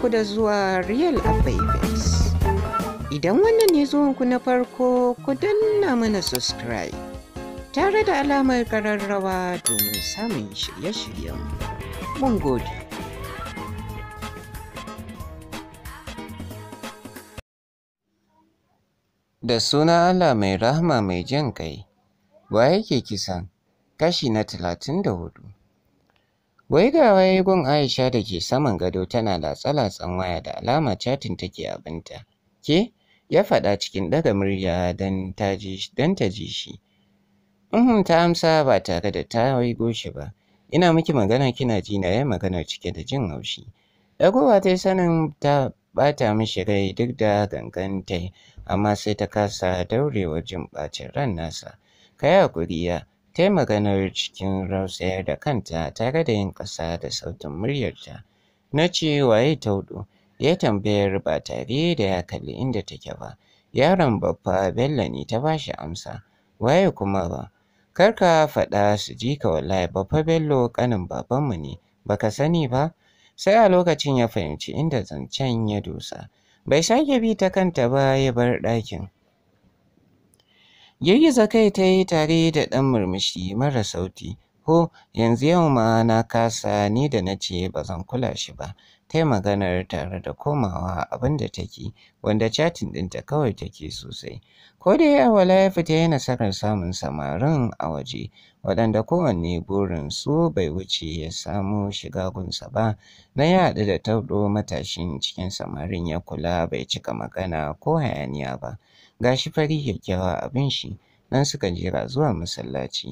ku da zuwa Real Abavis. Idan wannan ne zuwanku na farko ku danna mana subscribe tare da alamar kararrawa domin samun shirye-shiryen. Mun Da suna Allah mai rahama mai jan kai, wa yake kisan kashi na talatin da hudu. ga wai gun Aisha da ke saman gado tana da latsan waya da alama catin take abinta. Ke? Ya faɗa cikin ɗaga murya don ta ji shi. Uhun ta amsa ba tare da ta waigo goshi ba. Ina miki magana kina ji na yi magana cike da jin haushi. Ɗagowa ta sanin ta ɓata mishi rai duk da gangantai, amma sai ta kasa daurewa jin ɓacin ran nasa. Ka yi hakuri ya. Ta yi maganar cikin rausayar da kanta tare da yin ƙasa da sautin muryarta. Na ce waye taudo? Ya tambayar ba tare da ya kalli inda take ba. Yaron babba Bello ne ta bashi amsa. Waye kuma ba? Kar ka faɗa su ji ka wallahi babba Bello ƙanin babanmu ne. Baka sani ba? Sai a lokacin ya fahimci inda zancen ya dosa. Bai sake bi ta kanta ba ya bar ɗakin. Girgiza kai ta yi tare da ɗan murmushi mara sauti. Ko yanzu yau ma na kasa ni da na ce ba zan kula shi ba. Ta yi maganar tare da komawa abin da take wanda chatin ɗinta kawai take sosai. Ko da ya wala ya fita yana nasarar samun samarin a waje waɗanda kowanne burin su bai wuce ya samu shiga gunsa ba na ya da taɗo matashin cikin samarin ya kula bai cika magana ko hayaniya ba. Ga shi fari kyakkyawa abin shi nan suka jera zuwa masallaci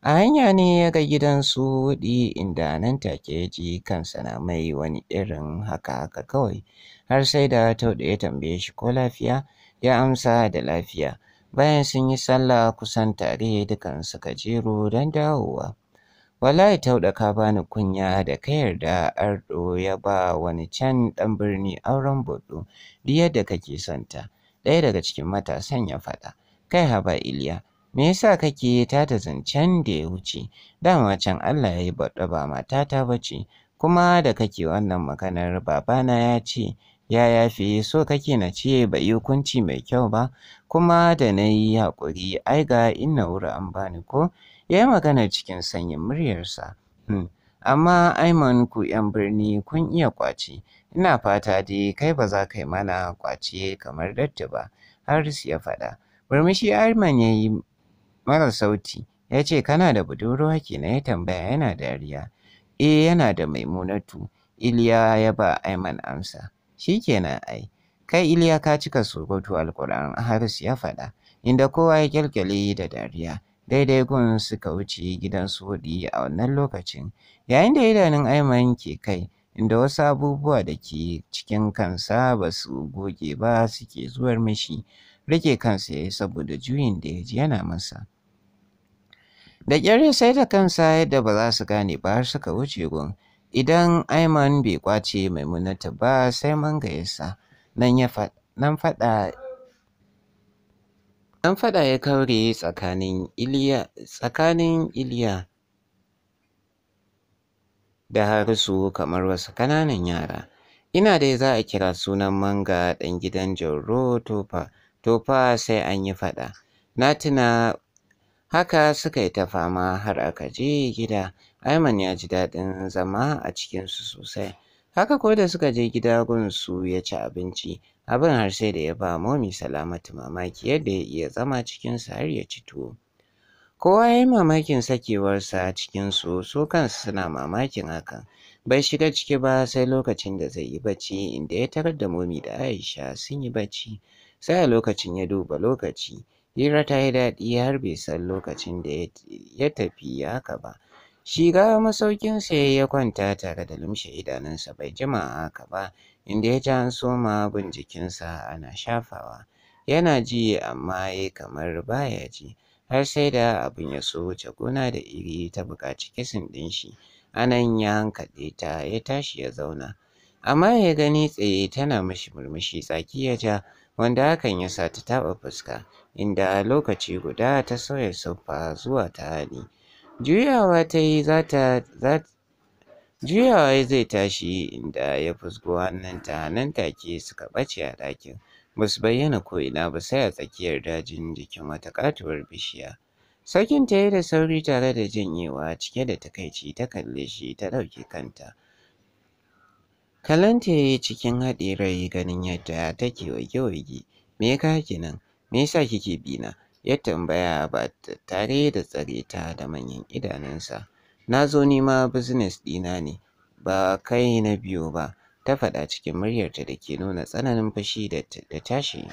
a hanya ne ya ga gidan su huɗi inda nan take ya ji kansa na mai wani irin haka haka kawai har sai da tauda ya tambaye shi ko lafiya ya amsa da lafiya bayan sun yi sallah kusan tare dukan suka jero don dawowa wallahi tauɗa ka bani kunya da ka yarda ardo ya ba wani can ɗan birni auren bodo duk yadda kake son ta ɗaya daga cikin matasan ya faɗa. Kai haba Iliya, me yasa kake ta da zancen da ya wuce? Dama can Allah ya yi baɗa ba matata ba ce, kuma da kake wannan maganar babana ya ce, ya yafe so kake na ce bai yi hukunci mai kyau ba, kuma da na yi haƙuri ai ga inna wuri an bani ko? Ya yi magana cikin sanyin muryarsa. Hmm, amma Aiman ku 'yan birni kun iya ƙwace. Ina fata dai kai ba za ka yi mana kwace kamar datti ba, Haris ya faɗa. Murmushi Arman ya yi mara sauti, ya ce kana da budurwa kenan ya tambaya yana dariya. Eh yana da maimunatu, Iliya ya ba Aiman amsa. Shi kenan ai, kai Iliya ka cika surutu Alƙur'an Haris ya faɗa, inda kowa ya kyalkyale da dariya. daidai gun suka wuce gidan su a wannan lokacin yayin da idanun aiman ke kai inda wasu abubuwa da ke cikin kansa ba su goge ba suke zuwar mashi rike kansa ya yi saboda juyin da ya ji yana masa. Da ƙyar sai da kansa yadda ba za su gane ba har suka wuce gun. Idan Aiman bai kwace maimunata ba sai mangayarsa nan ya faɗa nan faɗa ya kaure tsakanin Iliya tsakanin Iliya da Harisu kamar wasu ƙananan yara. Ina dai za a kira sunan Manga ɗan gidan Jauro Tofa, Tofa sai an yi faɗa. Na tuna haka suka yi ta fama har aka je gida. Aiman ya ji daɗin zama a cikinsu sosai. Haka ko da suka je gida gunsu ya ci abinci, abin har sai da ya ba momi salamatu mamaki yadda ya iya zama cikinsu har ya ci tuwo. Kowa ya yi mamakin sakewarsa a cikinsu su kansu suna mamakin hakan. Bai shiga ciki ba sai lokacin da zai yi bacci inda ya tarar da momi da Aisha sun yi bacci. Sai a lokacin ya duba lokaci. Hira ta yi daɗi har bai san lokacin da ya tafi haka ba. Shiga masaukinsa ya kwanta tare da lumshe idanunsa bai jima haka ba inda ya ji an soma bin jikinsa ana shafawa. Yana ji amma ya kamar baya ji. har sai da abin ya so wuce gona da iri ta buƙaci kisin ɗin shi. Anan ya hankaɗe ta ya tashi ya zauna. Amma ya gani tsaye tana mishi murmushi tsaki ya ja wanda hakan ya sa ta taɓa fuska inda a lokaci guda ta sauya siffa zuwa ta hali. Juyawa ta yi za ta juyawa zai tashi inda ya fusgo hannunta nan take suka ɓace a ɗakin. ba su bayyana ina ba sai a tsakiyar dajin jikin wata katuwar bishiya. Sakin ta yi da sauri tare da janyewa cike da takaici ta kalle shi ta ɗauki kanta. Kalanta ya yi cikin haɗe rai ganin yadda take wage-wage. Me ka ke nan? Me yasa kike bi na? Ya tambaya ba tare da tsare ta da manyan idanunsa. Na zo nima business ɗina ne, ba kai na biyo ba. ta faɗa cikin muryarta da ke nuna tsananin fushi da tashin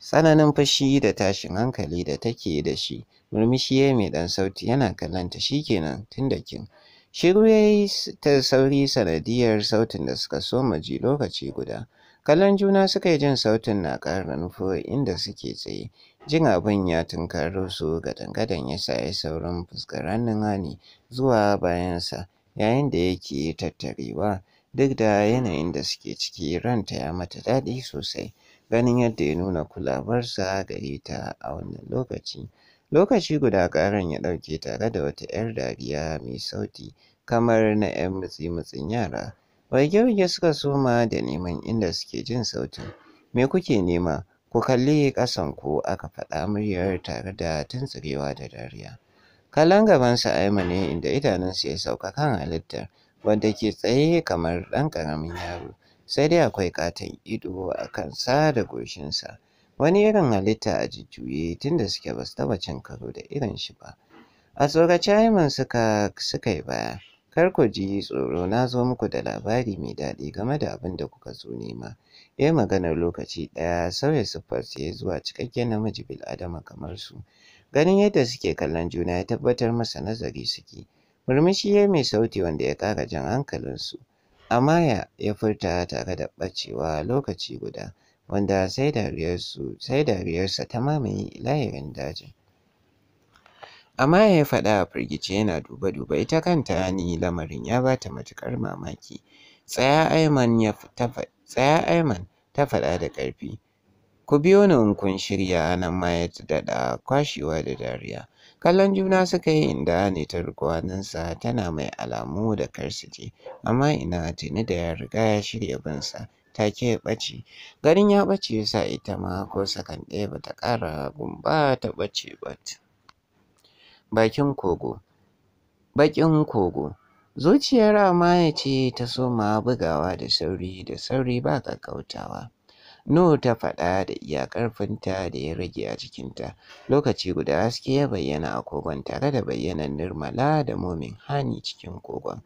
tsananin fushi da tashin hankali da take da shi murmushi ya mai ɗan sauti yana kallonta kenan tun da kin shiru ya yi ta sauri sanadiyar sautin da suka so ji lokaci guda kallon juna suka yi jin sautin na ƙara nufo inda suke tsaye jin abin ya tunkaro su gadan-gadan ya sayi saurin fuskar hannun hani zuwa bayansa yayin da yake tattarewa duk da yanayin da suke ciki ranta ya mata daɗi sosai ganin yadda ya nuna kulawarsa gare ta a wannan lokaci. Lokaci guda ƙaran ya ɗauke tare da wata 'yar dariya mai sauti kamar na 'yan mutsi-mutsin yara. Waige-waige suka soma da neman inda suke jin sautin. Me kuke nema? Ku kalli ƙasan ku aka faɗa muryar tare da tuntsurewa da dariya. Kallon gabansa yi ne inda idanunsa ya sauka kan halittar. wanda ke tsaye kamar ɗan ƙaramin yaro sai dai akwai katon ido a kansa da goshinsa wani irin halitta a jujjuye tunda suke ba su taɓa cin karo da irin shi ba a tsorace Ayman suka suka yi baya kar ku ji tsoro na zo muku da labari mai daɗi game da abin da kuka so nema ya maganar lokaci ɗaya sauya siffarsa ya zuwa cikakken namiji bil'adama kamar su ganin yadda suke kallon juna ya tabbatar masa nazari suke Murmushi ya mai sauti wanda ya ƙara jan hankalinsu. Amaya ya furta tare da ɓacewa lokaci guda wanda sai dariyarsa ta mamaye layirin dajin. Amaya ya faɗa a firgice yana duba-duba ita kanta ni lamarin ya ba ta matuƙar mamaki. Tsaya Aiman ta faɗa da ƙarfi. Ku biyo ni in kun shirya nan ma ya daɗa kwashewa da dariya. Kallon juna suka yi inda ne ta tana mai alamu da je. amma ina tuni da ya riga ya shirya binsa take bace. ɓace. Garin ya ɓace sa ita ma ko sakan ɗaya bata ƙara gumba ta ɓace ba. Bakin kogo. Bakin kogo. Zuciyar Amaya ce ta soma bugawa da sauri da sauri ba ƙaƙƙautawa. Nuhu ta faɗa da iya ƙarfinta da ya rage a jikinta. Lokaci guda haske ya bayyana a kogon tare da bayyanar Nirmala da Momin Hani cikin kogon.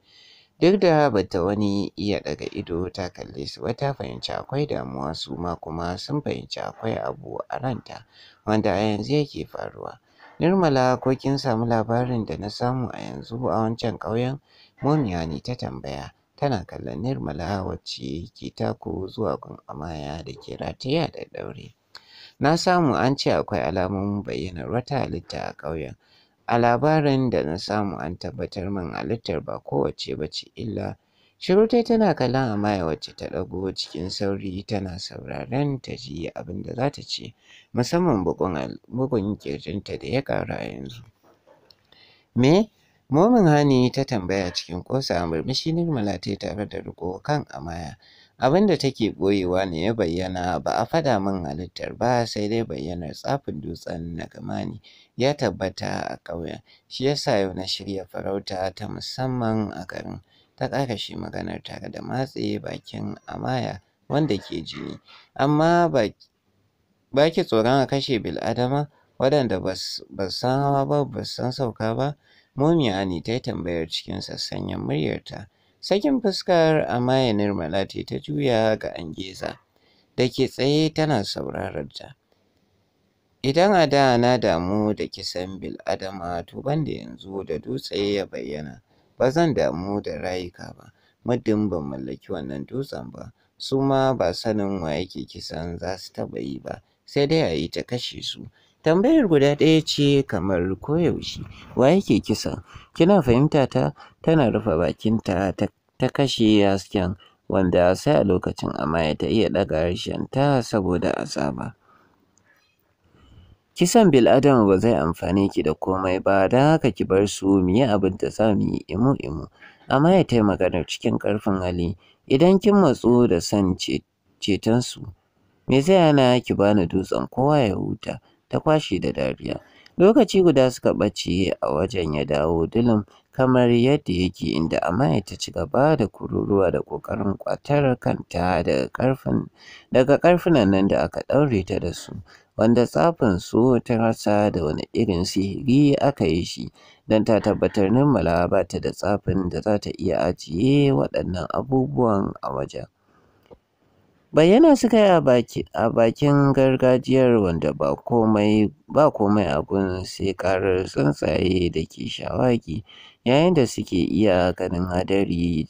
Duk da bata wani iya ɗaga ido ta kalle su ba ta fahimci akwai damuwa su ma kuma sun fahimci akwai abu a ranta wanda a yanzu yake faruwa. Nirmala ko kin samu labarin da na samu a yanzu a wancan ƙauyen? Momiya ne ta tambaya. tana kallon Nirmala wacce ke tako zuwa gun amaya da ke rataya da ɗauri Na samu an ce akwai alamun bayyanar wata halitta a ƙauyen. A labarin da na samu an tabbatar min halittar ba kowace ba ce illa Shirutai tana kallon Amaya wacce ta ɗago cikin sauri tana sauraren ta ji abin da za ta ce, musamman bugun ƙirjinta da ya ƙara yanzu. Me? Momin hani ta tambaya cikin ƙosa murmushi Nirmala ta tare da riko kan amaya. Abin da take ɓoyewa ne ya bayyana ba a faɗa min halittar ba sai dai bayyanar tsafin dutsen na Nagamani ya tabbata a ƙauyen. Shi ya sa yau na shirya farauta ta musamman a garin. Ta ƙara shi maganar tare da matse bakin amaya wanda ke jini. Amma ba ki tsoron a kashe bil'adama waɗanda ba san hawa ba ba san sauka ba. Mumia ne ta yi tambayar cikin sassanyen muryarta. Sakin fuskar Amaya Nirmala ce ta juya ga Angeza da ke tsaye tana sauraron ta. Idan a da na damu da kisan bil adama to banda yanzu da dutse ya bayyana ba zan damu da rayuka ba muddin ban mallaki wannan dutsen ba su ma ba sanin wa yake kisan za su taɓa yi ba sai dai a yi ta kashe su Tambayar guda ɗaya ce kamar koyaushe, wa yake kisa? Kina fahimta ta? Tana rufe bakinta ta kashe hasken wanda sai a lokacin amaya ta iya ɗaga harshen ta saboda azaba. Kisan adam ba zai amfani ki da komai ba, don haka ki bar su mu abin da za mu yi imu imu. Amaya ta yi maganar cikin ƙarfin hali, idan kin matsu da son cetonsu, me zai hana ki bani dutsen kowa ya huta? ta kwashe da dariya. Lokaci guda suka ɓace a wajen ya dawo dilim kamar yadda yake inda Amaya ta ci gaba da kururuwa da ƙoƙarin ƙwatar kanta daga ƙarfin ƙarfinan nan da aka ɗaure ta da su wanda tsafin su ta rasa da wani irin sihiri aka yi shi don ta tabbatar Nirmala ba ta da tsafin da za ta iya ajiye waɗannan abubuwan a wajen. bayyana suka yi a bakin gargajiyar wanda ba komai abun sai karar tsuntsaye da ke shawagi yayin da suke iya ganin hadari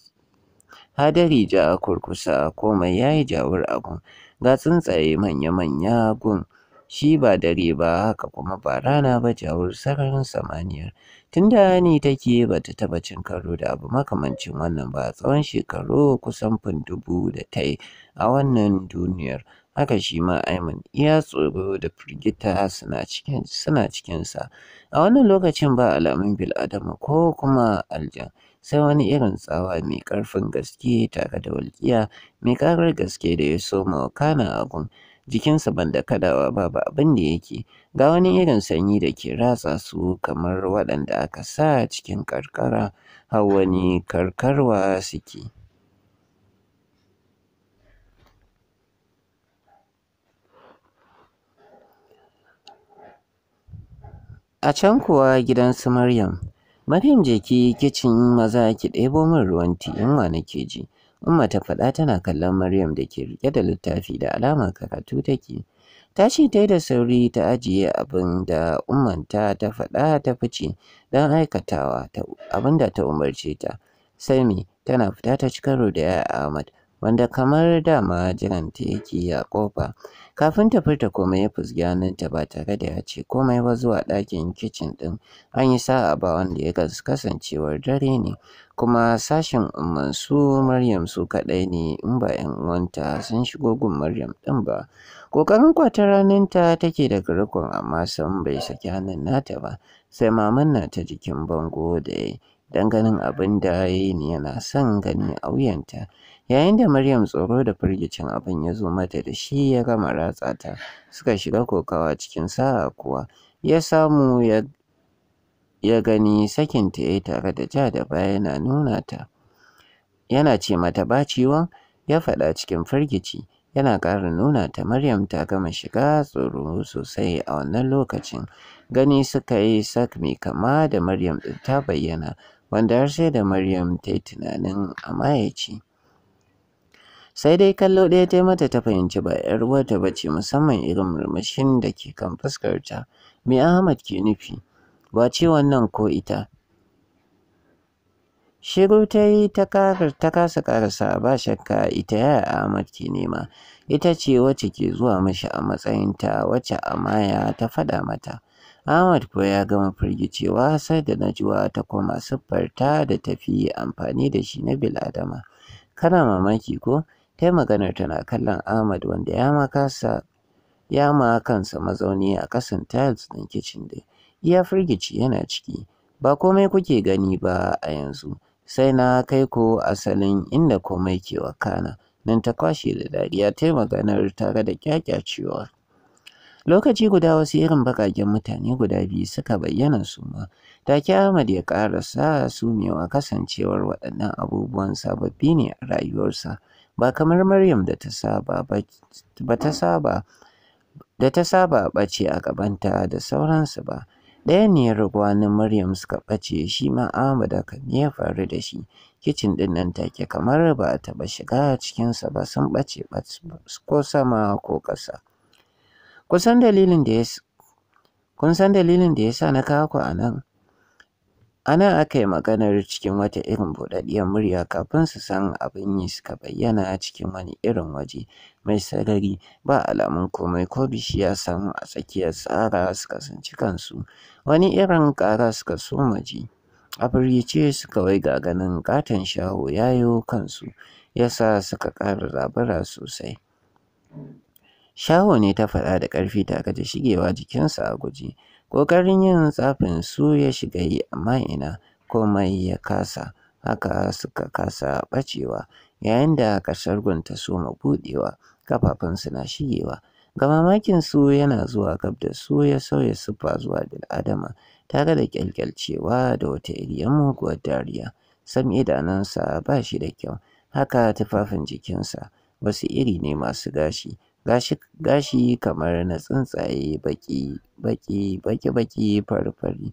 ja a kurkusa komai ya yi jawar abun ga tsuntsaye manya-manya gun shi ba dare ba haka kuma ba rana ba jawar sararin samaniyar tun da ni take bata taba cin karo da abu makamancin wannan ba tsawon shekaru kusan fin dubu da ta yi a wannan duniyar haka shi ma Aiman iya tsoro da firgita suna cikin suna cikinsa a wannan lokacin ba alamun bil bil'adama ko kuma aljan sai wani irin tsawa mai karfin gaske tare da walƙiya mai karar gaske da ya so soma kana agun jikinsa ban da kadawa babu abin da yake ga wani irin sanyi da ke ratsa su kamar waɗanda aka sa cikin karkara har wani karkarwa suke. A can kuwa gidan su Maryam, Maryam je ki kicin maza ki ɗebo min ruwan ti yunwa nake ji. Umma ta faɗa tana kallon Maryam da ke rike da littafi da alama karatu take. Tashi ta yi da sauri ta ajiye abin da umarta ta faɗa ta fice don aikatawa abin da ta umarce ta. sami tana fita ta ci karo da yaya Ahmad wanda kamar dama jiran ta yake a kofa. Kafin ta furta komai ya fusgi hannunta ba tare da ya ce komai ba zuwa ɗakin kicin ɗin an yi sa'a ba wanda ya kasancewar dare ne kuma sashen umman Maryam su kaɗai ne in ba 'yan uwanta sun shigo gun Maryam ɗin ba. Ƙoƙarin kwatar ta take da rikon amma sam bai saki hannun nata ba, sai maman na ta jikin bango da ya don ganin abin da ya yi yana son gani a wuyanta. Yayin da Maryam tsoro da firgicin abin ya zo mata da shi ya gama ratsa ta, suka shiga kokawa cikin sa'a kuwa ya samu ya gani sakin ta ya tare da ja da baya yana nuna ta. Yana ce mata ba ciwon, ya faɗa cikin firgici. yana ƙara nuna ta Maryam ta gama shiga tsoro sosai a wannan lokacin gani suka yi sakmi kama da Maryam ɗin ta bayyana wanda har sai da Maryam ta yi tunanin a amayaci. sai dai kallo ɗaya ta mata ta fahimci ba 'yar wata ba ce musamman irin murmushin da ke kan fuskarta me Ahmad ke nufi ba ce wannan ko ita Shiru ta yi ta kasa ƙarasa ba shakka ita yaya Ahmad ke nema, ita ce wacce ke zuwa mashi a matsayinta wacce Amaya ta faɗa mata. Ahmad ko ya gama firgicewa sai da Najwa ta koma siffarta da tafi amfani da shi na biladama. Kana mamaki ko? Ta yi maganar tana kallon Ahmad wanda ya ma kansa mazauni a kasan tiles ɗin kicin ɗin. Iya firgici yana ciki, ba komai kuke gani ba a yanzu. sai na kai ku asalin inda komai ke wakana. Nan ta kwashe da dariya ta yi maganar tare da kyakyacewa. Lokaci guda wasu irin baƙaƙen mutane guda biyu suka bayyana su ma, Ahmad ya ƙarasa sumewa kasancewar waɗannan abubuwan sababbi ne a rayuwarsa, ba kamar Maryam da ta saba ba ce a gabanta da sauransu ba. Ɗaya ne ya wani Maryam suka ɓace shi ma Ahmad hakan ne ya faru da shi. Kicin ɗin nan take kamar ba a taɓa shiga cikinsa ba sun ɓace ba ko sama ko ƙasa. Kun san dalilin da ya sa na kawo ku a nan? A nan aka yi maganar cikin wata irin buɗaɗɗiyar murya kafin su san abin yi suka bayyana cikin wani irin waje mai sarari ba alamun komai ko bishiya san a tsakiyar tsara suka tsinci kansu. Wani irin ƙara suka soma ji. A firgice suka ga ganin ƙaton shaho ya yi kansu ya sa suka ƙara zabura sosai. Shaho ne ta faɗa da ƙarfi tare da shigewa jikinsa a guje. Ƙoƙarin yin tsafin su ya shiga yi amma ina, komai ya kasa, haka suka kasa ɓacewa, yayin da ƙasar gun ta soma buɗewa, kafafunsu na shigewa. Ga su yana zuwa gab da su ya sauya siffa zuwa adama. Ta ga da cewa da wata iriyan muguwar dariya. Sam idanunsa ba shi da kyau, haka tufafin jikinsa, wasu iri ne masu gashi. gashi kamar na tsuntsaye baƙi baƙi baƙi-baƙi fari-fari.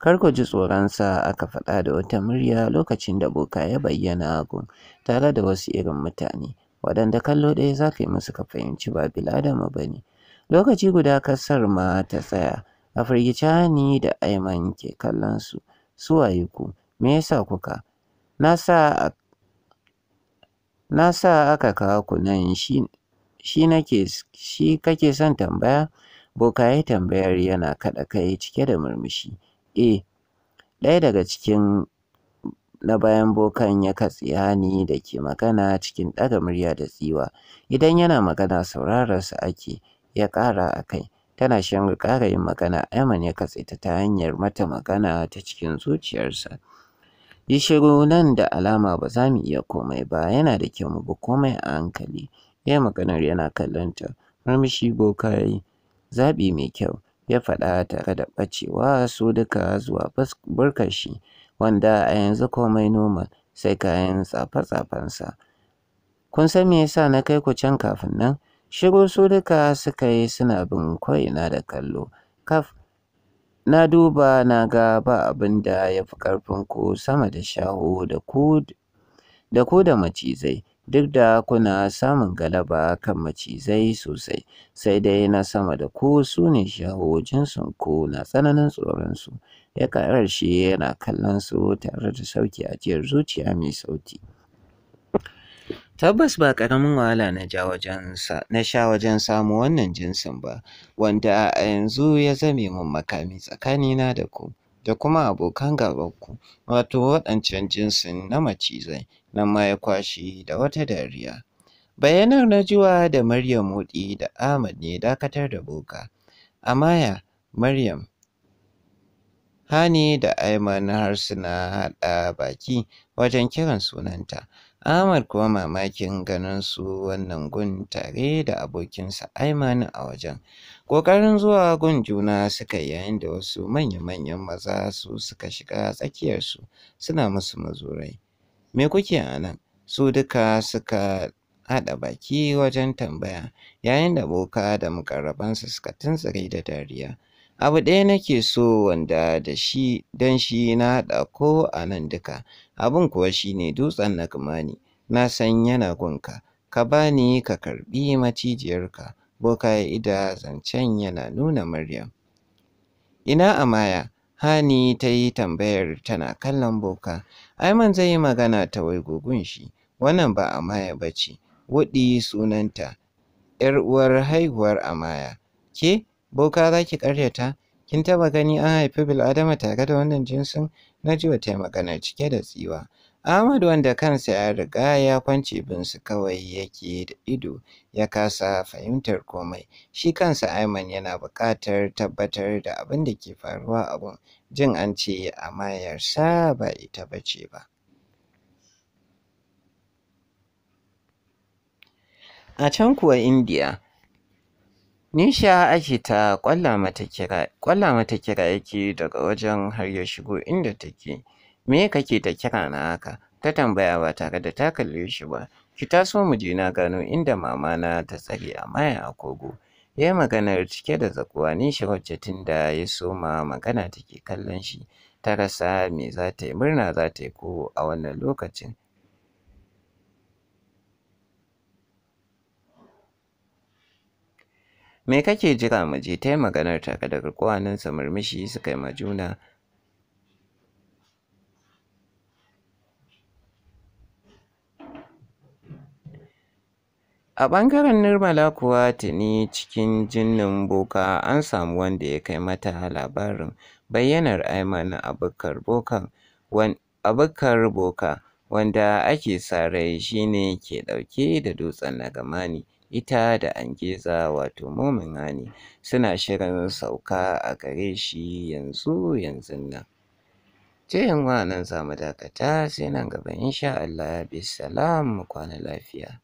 Kar ku ji tsoron tsoronsa aka faɗa da wata murya lokacin da Boka ya bayyana gun tare da wasu irin mutane waɗanda kallo ɗaya za ka yi musu ka fahimci ba bil'adama ba ne. Lokaci guda kasar ma ta tsaya a firgice Hani da Aiman ke kallon su. Su waye ku? Me yasa kuka? Na sa aka kawo ku nan shi shi nake shi kake son tambaya? boka yi tambayar yana kaɗa kai cike da murmushi. Eh, ɗaya daga cikin na bayan bokan ya katse hani da ke magana cikin ɗaga murya da tsiwa. Idan yana magana su ake ya ƙara a kai. Tana shan ƙara yin magana Aiman ya katse ta ta hanyar mata magana ta cikin zuciyarsa. Yi shiru nan da alama ba za mu iya komai ba yana da kyau mu bi komai a hankali. ya maganar yana kallon ta. Murmushi boka yayi zaɓi mai kyau, ya faɗa tare da ɓacewa su duka zuwa burkashi, wanda a yanzu komai noma, sai kayan tsafe-tsafensa. Kun san me yasa na kai ku can kafin nan? Shigo su duka suka yi suna bin ko'ina da kallo. Kaf, na duba na ga ba abin da ya fi ƙarfin ku sama da shaho da ku da macizai. duk da kuna samun galaba kan macizai sosai sai dai na sama da ku su ne shaho jinsin na tsananin tsoronsu ya karar shi yana kallon su tare da sauki ajiyar zuciya mai sauti tabbas ba karamin wahala na sha wajen samu wannan jinsin ba wanda a yanzu ya zame min makami tsakanina da ku da kuma abokan gabanku wato waɗancan jinsin na macizai nan ma ya kwashe da wata dariya. Bayanan juwa da Maryam Motsi da Ahmad ne dakatar da Boka. Amaya, Maryam, Hani da Aiman har suna haɗa baki wajen kiran sunanta. Ahmad kuwa mamakin ganin su wannan gun tare da abokinsa Aiman a wajen. Ƙoƙarin zuwa gun juna suka yayin da wasu manya-manyan maza su suka shiga tsakiyarsu suna musu mazurai. me kuke a nan? Su duka suka haɗa baki wajen tambaya yayin da boka da mukarrabansa suka tuntsire da dariya. Abu ɗaya nake so wanda da shi don shi na haɗa ko a nan duka, abin kuwa shi ne dutsen nakmani, na san yana gunka, ka bani ka karɓi macijiyarka, boka ya ida zancen yana nuna Maryam. Ina Amaya, Hani ta yi tambayar tana kallon boka. Aiman zai yi magana ta wai gugun shi. Wannan ba a Amaya ba ce. Wuɗi sunanta. ‘Yar uwar haihuwar Amaya. Ke, boka za ki ƙaryata? Kin taɓa gani an haifi bil'adama tare da wannan jinsin? Na ji wa magana cike da tsiwa. Ahmad wanda kansa ya riga ya kwance binsu kawai yake da ido ya kasa fahimtar komai. Shi kansa Ayman yana buƙatar tabbatar da abin da ke faruwa abun jin an ce amayarsa ba ita bace ba. A can kuwa India, Nisha ake ta ƙwalla mata kira, kira yake daga wajen har ya shigo inda take. me kake ta kira na haka ta tambaya ba tare da ta kalle shi ba ki taso mu je na gano inda mama na ta tsare a maya a kogo ya yi maganar cike da zakuwa ni shi wacce tun da ya soma magana take kallon shi ta rasa me za ta yi murna za ta yi ko a wannan lokacin me kake jira mu je ta yi maganar tare da sa murmushi suka yi ma juna A ɓangaren Nirmala kuwa tuni cikin jinnin boka an samu wanda ya kai mata labarin bayyanar Ayman Abubakar Boka wanda ake sa rai shi ne ke ɗauke da dutsen Nagamani. Ita da Angeza wato Momin Hani suna shirin sauka a gare shi yanzu yanzun nan. cewa wa nan za mu dakata sai nan gaba insha Allah bisalam mu kwana lafiya.